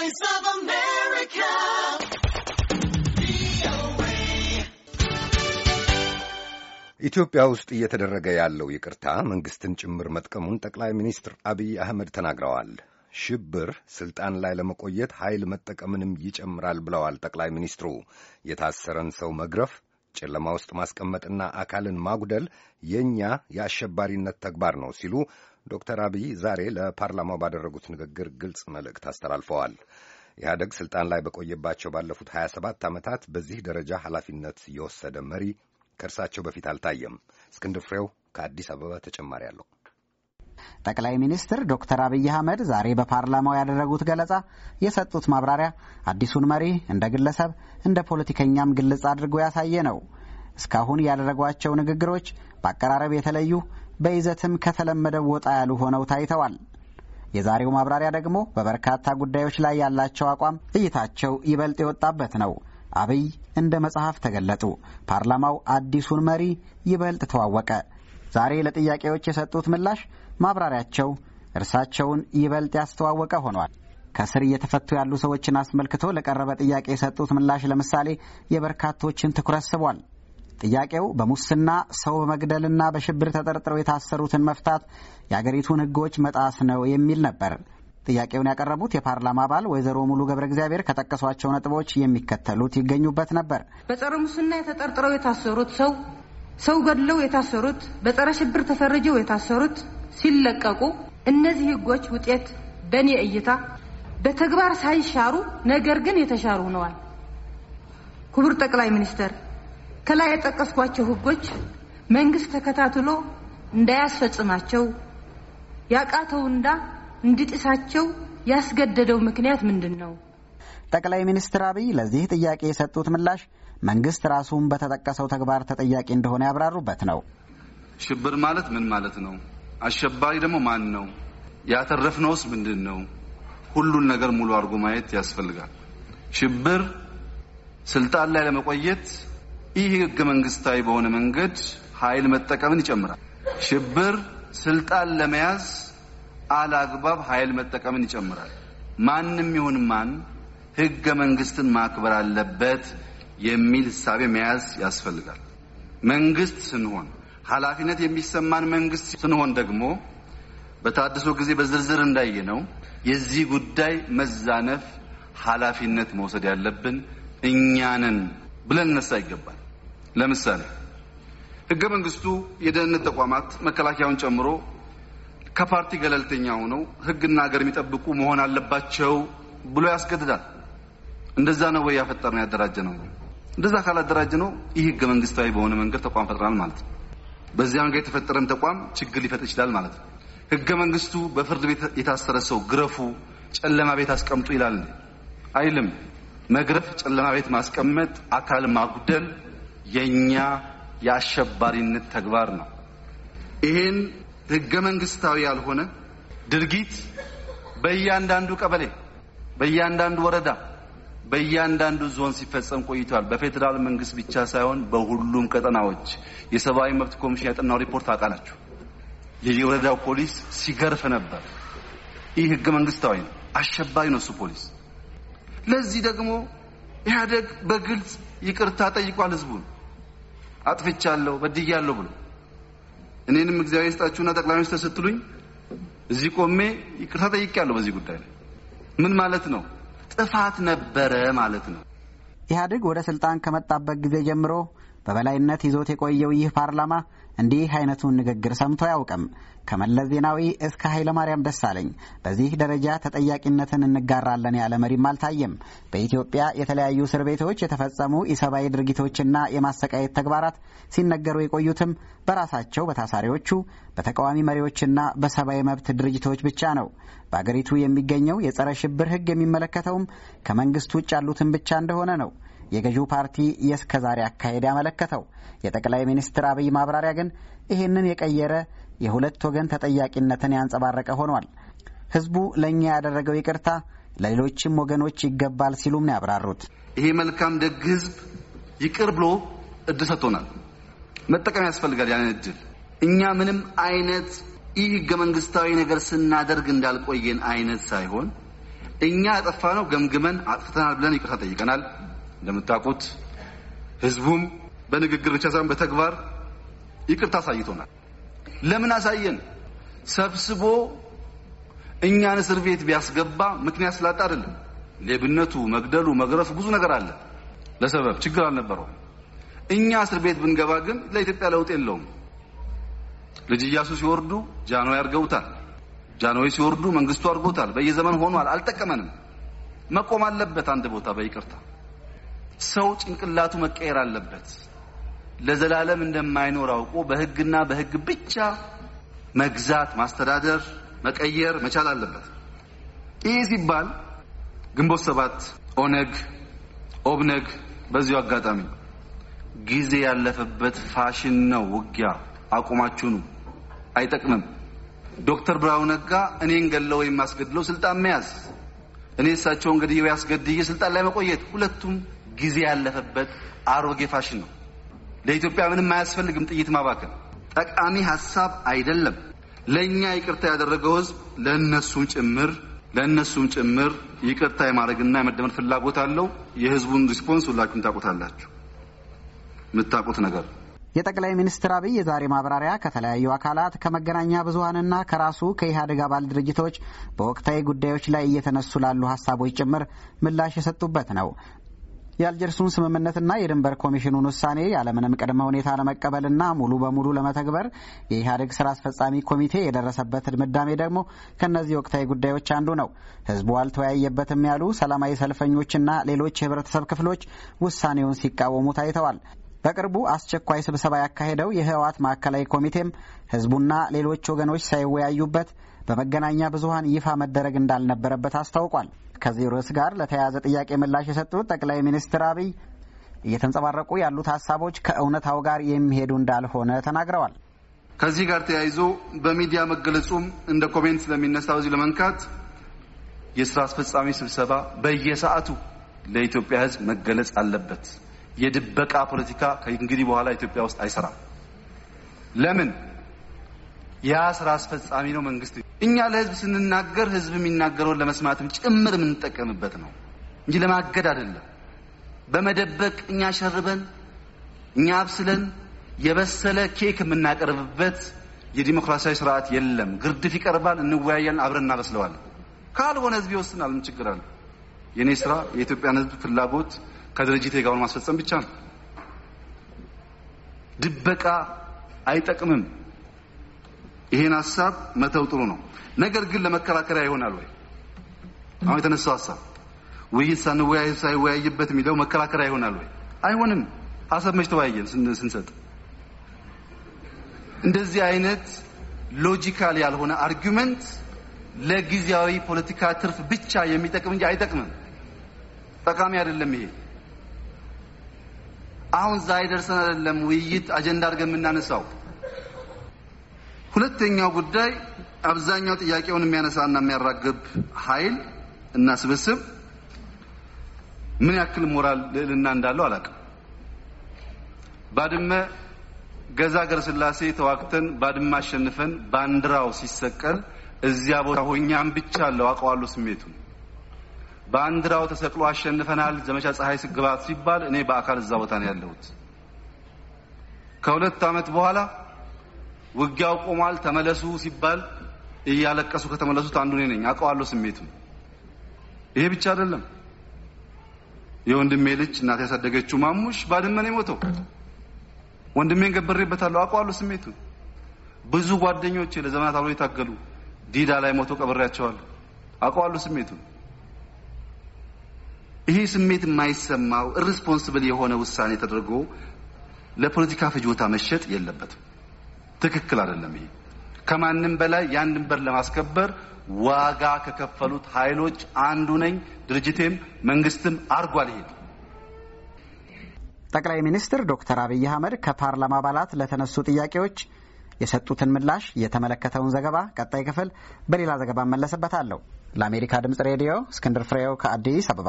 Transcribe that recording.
Voice of America. ኢትዮጵያ ውስጥ እየተደረገ ያለው ይቅርታ መንግስትን ጭምር መጥቀሙን ጠቅላይ ሚኒስትር አብይ አህመድ ተናግረዋል። ሽብር ስልጣን ላይ ለመቆየት ኃይል መጠቀምንም ይጨምራል ብለዋል ጠቅላይ ሚኒስትሩ። የታሰረን ሰው መግረፍ፣ ጨለማ ውስጥ ማስቀመጥና አካልን ማጉደል የእኛ የአሸባሪነት ተግባር ነው ሲሉ ዶክተር አብይ ዛሬ ለፓርላማው ባደረጉት ንግግር ግልጽ መልእክት አስተላልፈዋል። ኢህአደግ ስልጣን ላይ በቆየባቸው ባለፉት 27 ዓመታት በዚህ ደረጃ ኃላፊነት የወሰደ መሪ ከእርሳቸው በፊት አልታየም። እስክንድር ፍሬው ከአዲስ አበባ ተጨማሪ አለው። ጠቅላይ ሚኒስትር ዶክተር አብይ አህመድ ዛሬ በፓርላማው ያደረጉት ገለጻ፣ የሰጡት ማብራሪያ አዲሱን መሪ እንደ ግለሰብ እንደ ፖለቲከኛም ግልጽ አድርጎ ያሳየ ነው። እስካሁን ያደረጓቸው ንግግሮች በአቀራረብ የተለዩ በይዘትም ከተለመደው ወጣ ያሉ ሆነው ታይተዋል። የዛሬው ማብራሪያ ደግሞ በበርካታ ጉዳዮች ላይ ያላቸው አቋም እይታቸው ይበልጥ የወጣበት ነው። አብይ እንደ መጽሐፍ ተገለጡ። ፓርላማው አዲሱን መሪ ይበልጥ ተዋወቀ። ዛሬ ለጥያቄዎች የሰጡት ምላሽ ማብራሪያቸው እርሳቸውን ይበልጥ ያስተዋወቀ ሆኗል። ከስር እየተፈቱ ያሉ ሰዎችን አስመልክቶ ለቀረበ ጥያቄ የሰጡት ምላሽ ለምሳሌ የበርካቶችን ትኩረት ስቧል። ጥያቄው በሙስና ሰው በመግደልና በሽብር ተጠርጥረው የታሰሩትን መፍታት የአገሪቱን ሕጎች መጣስ ነው የሚል ነበር። ጥያቄውን ያቀረቡት የፓርላማ አባል ወይዘሮ ሙሉ ገብረ እግዚአብሔር ከጠቀሷቸው ነጥቦች የሚከተሉት ይገኙበት ነበር። በጸረ ሙስና ተጠርጥረው የታሰሩት ሰው ሰው ገድለው የታሰሩት፣ በጸረ ሽብር ተፈርጀው የታሰሩት ሲለቀቁ እነዚህ ህጎች ውጤት በእኔ እይታ በተግባር ሳይሻሩ ነገር ግን የተሻሩ ሆነዋል። ክቡር ጠቅላይ ሚኒስትር ከላይ የጠቀስኳቸው ህጎች መንግስት ተከታትሎ እንዳያስፈጽማቸው ያቃተው እንዳ እንዲጥሳቸው ያስገደደው ምክንያት ምንድን ነው? ጠቅላይ ሚኒስትር አብይ ለዚህ ጥያቄ የሰጡት ምላሽ መንግስት ራሱን በተጠቀሰው ተግባር ተጠያቂ እንደሆነ ያብራሩበት ነው። ሽብር ማለት ምን ማለት ነው? አሸባሪ ደግሞ ማን ነው? ያተረፍነውስ ምንድን ነው? ሁሉን ነገር ሙሉ አድርጎ ማየት ያስፈልጋል። ሽብር ስልጣን ላይ ለመቆየት ይህ ህገ መንግስታዊ በሆነ መንገድ ኃይል መጠቀምን ይጨምራል። ሽብር ስልጣን ለመያዝ አላግባብ ኃይል መጠቀምን ይጨምራል። ማንም ይሁን ማን ህገ መንግስትን ማክበር አለበት የሚል ህሳቤ መያዝ ያስፈልጋል። መንግስት ስንሆን ኃላፊነት የሚሰማን መንግስት ስንሆን ደግሞ በታድሶ ጊዜ በዝርዝር እንዳየነው ነው የዚህ ጉዳይ መዛነፍ ኃላፊነት መውሰድ ያለብን እኛንን ብለን እነሳ ይገባል። ለምሳሌ ህገ መንግስቱ የደህንነት ተቋማት መከላከያውን ጨምሮ ከፓርቲ ገለልተኛ ሆነው ህግና ሀገር የሚጠብቁ መሆን አለባቸው ብሎ ያስገድዳል። እንደዛ ነው ወይ ያፈጠር ነው ያደራጀ ነው? እንደዛ ካላደራጀ ነው ይህ ህገ መንግስታዊ በሆነ መንገድ ተቋም ፈጥራል ማለት ነው። በዚያ መንገድ የተፈጠረም ተቋም ችግር ሊፈጥ ይችላል ማለት ነው። ህገ መንግስቱ በፍርድ ቤት የታሰረ ሰው ግረፉ፣ ጨለማ ቤት አስቀምጡ ይላል አይልም። መግረፍ፣ ጨለማ ቤት ማስቀመጥ፣ አካል ማጉደል የእኛ የአሸባሪነት ተግባር ነው። ይህን ህገ መንግስታዊ ያልሆነ ድርጊት በእያንዳንዱ ቀበሌ፣ በእያንዳንዱ ወረዳ፣ በእያንዳንዱ ዞን ሲፈጸም ቆይቷል። በፌዴራል መንግስት ብቻ ሳይሆን በሁሉም ቀጠናዎች የሰብአዊ መብት ኮሚሽን ያጠናው ሪፖርት አውቃላችሁ። የየወረዳው ፖሊስ ሲገርፍ ነበር። ይህ ህገ መንግስታዊ ነው። አሸባሪ ነው እሱ ፖሊስ። ለዚህ ደግሞ ኢህአደግ በግልጽ ይቅርታ ጠይቋል። ህዝቡን አጥፍቻለሁ በድያለሁ ብሎ እኔንም እግዚአብሔር ይስጣችሁና ጠቅላይ ሚኒስትር ስትሉኝ እዚህ ቆሜ ይቅርታ ጠይቄያለሁ። በዚህ ጉዳይ ላይ ምን ማለት ነው? ጥፋት ነበረ ማለት ነው። ኢህአዴግ ወደ ስልጣን ከመጣበት ጊዜ ጀምሮ በበላይነት ይዞት የቆየው ይህ ፓርላማ እንዲህ አይነቱን ንግግር ሰምቶ አያውቅም። ከመለስ ዜናዊ እስከ ኃይለማርያም ደሳለኝ በዚህ ደረጃ ተጠያቂነትን እንጋራለን ያለ መሪም አልታየም። በኢትዮጵያ የተለያዩ እስር ቤቶች የተፈጸሙ ኢሰብአዊ ድርጊቶችና የማሰቃየት ተግባራት ሲነገሩ የቆዩትም በራሳቸው በታሳሪዎቹ በተቃዋሚ መሪዎችና በሰብአዊ መብት ድርጅቶች ብቻ ነው። በአገሪቱ የሚገኘው የጸረ ሽብር ሕግ የሚመለከተውም ከመንግስት ውጭ ያሉትን ብቻ እንደሆነ ነው። የገዢው ፓርቲ የእስከዛሬ አካሄድ ያመለከተው። የጠቅላይ ሚኒስትር አብይ ማብራሪያ ግን ይህንን የቀየረ የሁለት ወገን ተጠያቂነትን ያንጸባረቀ ሆኗል። ህዝቡ ለእኛ ያደረገው ይቅርታ ለሌሎችም ወገኖች ይገባል ሲሉም ነው ያብራሩት። ይሄ መልካም ደግ ህዝብ ይቅር ብሎ እድል ሰጥቶናል። መጠቀም ያስፈልጋል ያንን እድል። እኛ ምንም አይነት ይህ ህገ መንግስታዊ ነገር ስናደርግ እንዳልቆየን አይነት ሳይሆን እኛ ያጠፋ ነው ገምግመን አጥፍተናል ብለን ይቅርታ ጠይቀናል። እንደምታውቁት ህዝቡም በንግግር ብቻ ሳይሆን በተግባር ይቅርታ አሳይቶናል። ለምን አሳየን? ሰብስቦ እኛን እስር ቤት ቢያስገባ ምክንያት ስላጣ አይደለም። ሌብነቱ፣ መግደሉ፣ መግረፉ ብዙ ነገር አለ። ለሰበብ ችግር አልነበረውም። እኛ እስር ቤት ብንገባ ግን ለኢትዮጵያ ለውጥ የለውም። ልጅ ኢያሱ ሲወርዱ ጃንሆይ አድርገውታል። ጃንሆይ ሲወርዱ መንግስቱ አድርጎታል። በየዘመን ሆኗል። አልጠቀመንም። መቆም አለበት አንድ ቦታ በይቅርታ ሰው ጭንቅላቱ መቀየር አለበት። ለዘላለም እንደማይኖር አውቆ በህግና በህግ ብቻ መግዛት፣ ማስተዳደር፣ መቀየር መቻል አለበት። ይህ ሲባል ግንቦት ሰባት፣ ኦነግ፣ ኦብነግ በዚሁ አጋጣሚ ጊዜ ያለፈበት ፋሽን ነው። ውጊያ አቁማችሁ ነው፣ አይጠቅምም። ዶክተር ብርሃኑ ነጋ እኔን ገድለው ወይም አስገድለው ስልጣን መያዝ እኔ እሳቸውን ገድዬ ያስገድዬ ስልጣን ላይ መቆየት ሁለቱም ጊዜ ያለፈበት አሮጌ ፋሽን ነው። ለኢትዮጵያ ምንም አያስፈልግም ጥይት ማባከን። ጠቃሚ ሀሳብ አይደለም። ለእኛ ይቅርታ ያደረገው ህዝብ ለእነሱም ጭምር ለእነሱም ጭምር ይቅርታ የማድረግና የመደመር ፍላጎት አለው። የህዝቡን ሪስፖንስ ሁላችሁም ታውቁታላችሁ፣ የምታውቁት ነገር የጠቅላይ ሚኒስትር አብይ የዛሬ ማብራሪያ ከተለያዩ አካላት ከመገናኛ ብዙሀንና ከራሱ ከኢህአዴግ አባል ድርጅቶች በወቅታዊ ጉዳዮች ላይ እየተነሱ ላሉ ሀሳቦች ጭምር ምላሽ የሰጡበት ነው። የአልጀርሱን ስምምነትና የድንበር ኮሚሽኑን ውሳኔ ያለምንም ቅድመ ሁኔታ ለመቀበልና ሙሉ በሙሉ ለመተግበር የኢህአዴግ ስራ አስፈጻሚ ኮሚቴ የደረሰበት ድምዳሜ ደግሞ ከእነዚህ ወቅታዊ ጉዳዮች አንዱ ነው። ህዝቡ አልተወያየበትም ያሉ ሰላማዊ ሰልፈኞችና ሌሎች የህብረተሰብ ክፍሎች ውሳኔውን ሲቃወሙ ታይተዋል። በቅርቡ አስቸኳይ ስብሰባ ያካሄደው የህወሓት ማዕከላዊ ኮሚቴም ህዝቡና ሌሎች ወገኖች ሳይወያዩበት በመገናኛ ብዙሀን ይፋ መደረግ እንዳልነበረበት አስታውቋል። ከዚህ ርዕስ ጋር ለተያያዘ ጥያቄ ምላሽ የሰጡት ጠቅላይ ሚኒስትር አብይ እየተንጸባረቁ ያሉት ሀሳቦች ከእውነታው ጋር የሚሄዱ እንዳልሆነ ተናግረዋል። ከዚህ ጋር ተያይዞ በሚዲያ መገለጹም እንደ ኮሜንት ስለሚነሳ በዚህ ለመንካት የስራ አስፈጻሚ ስብሰባ በየሰዓቱ ለኢትዮጵያ ሕዝብ መገለጽ አለበት። የድበቃ ፖለቲካ ከእንግዲህ በኋላ ኢትዮጵያ ውስጥ አይሰራም። ለምን ያ ስራ አስፈጻሚ ነው መንግስት። እኛ ለህዝብ ስንናገር ህዝብ የሚናገረውን ለመስማትም ጭምር የምንጠቀምበት ነው እንጂ ለማገድ አይደለም። በመደበቅ እኛ ሸርበን እኛ አብስለን የበሰለ ኬክ የምናቀርብበት የዲሞክራሲያዊ ስርዓት የለም። ግርድፍ ይቀርባል፣ እንወያያለን፣ አብረን እናበስለዋለን። ካልሆነ ህዝብ ይወስናል። ምን ችግር አለ? የእኔ ስራ የኢትዮጵያን ህዝብ ፍላጎት ከድርጅቴ ጋር ማስፈጸም ብቻ ነው። ድበቃ አይጠቅምም። ይሄን ሀሳብ መተው ጥሩ ነው። ነገር ግን ለመከራከሪያ ይሆናል ወይ? አሁን የተነሳው ሀሳብ ውይይት ሳንወያይ ሳይወያይበት የሚለው መከራከሪያ ይሆናል ወይ? አይሆንም። ሀሳብ መች ተወያየን ስንሰጥ እንደዚህ አይነት ሎጂካል ያልሆነ አርጊመንት ለጊዜያዊ ፖለቲካ ትርፍ ብቻ የሚጠቅም እንጂ አይጠቅምም፣ ጠቃሚ አይደለም። ይሄ አሁን ዛሬ ደርሰን አይደለም ውይይት አጀንዳ አድርገን የምናነሳው ሁለተኛው ጉዳይ አብዛኛው ጥያቄውን የሚያነሳና የሚያራግብ ኃይል እና ስብስብ ምን ያክል ሞራል ልዕልና እንዳለው አላውቅም። ባድመ ገዛ ገር ስላሴ ተዋግተን ባድመ አሸንፈን ባንዲራው ሲሰቀል እዚያ ቦታ ሆኛም ብቻ አለው አውቀዋለሁ ስሜቱ ባንዲራው ተሰቅሎ አሸንፈናል ዘመቻ ፀሐይ ስግባት ሲባል እኔ በአካል እዛ ቦታ ነው ያለሁት። ከሁለት ዓመት በኋላ ውጊያው ቆሟል ተመለሱ ሲባል እያለቀሱ ከተመለሱት አንዱ እኔ ነኝ። አውቀዋለሁ ስሜቱ። ይሄ ብቻ አይደለም። የወንድሜ ልጅ እናት ያሳደገችው ማሙሽ ባድመን ነው የሞተው። ወንድሜን ገበሬበታለሁ። አውቀዋለሁ ስሜቱ። ብዙ ጓደኞቼ ለዘመናት አብሮ የታገሉ ዲዳ ላይ ሞተው ቀብሬያቸዋለሁ። አውቀዋለሁ ስሜቱ። ይሄ ስሜት የማይሰማው ሪስፖንስብል የሆነ ውሳኔ ተደርጎ ለፖለቲካ ፍጆታ መሸጥ የለበትም። ትክክል አይደለም። ይሄ ከማንም በላይ ያን ድንበር ለማስከበር ዋጋ ከከፈሉት ኃይሎች አንዱ ነኝ። ድርጅቴም መንግስትም አርጓል ይሄ ጠቅላይ ሚኒስትር ዶክተር አብይ አህመድ ከፓርላማ አባላት ለተነሱ ጥያቄዎች የሰጡትን ምላሽ የተመለከተውን ዘገባ ቀጣይ ክፍል በሌላ ዘገባ እመለስበታለሁ። ለአሜሪካ ድምጽ ሬዲዮ እስክንድር ፍሬው ከአዲስ አበባ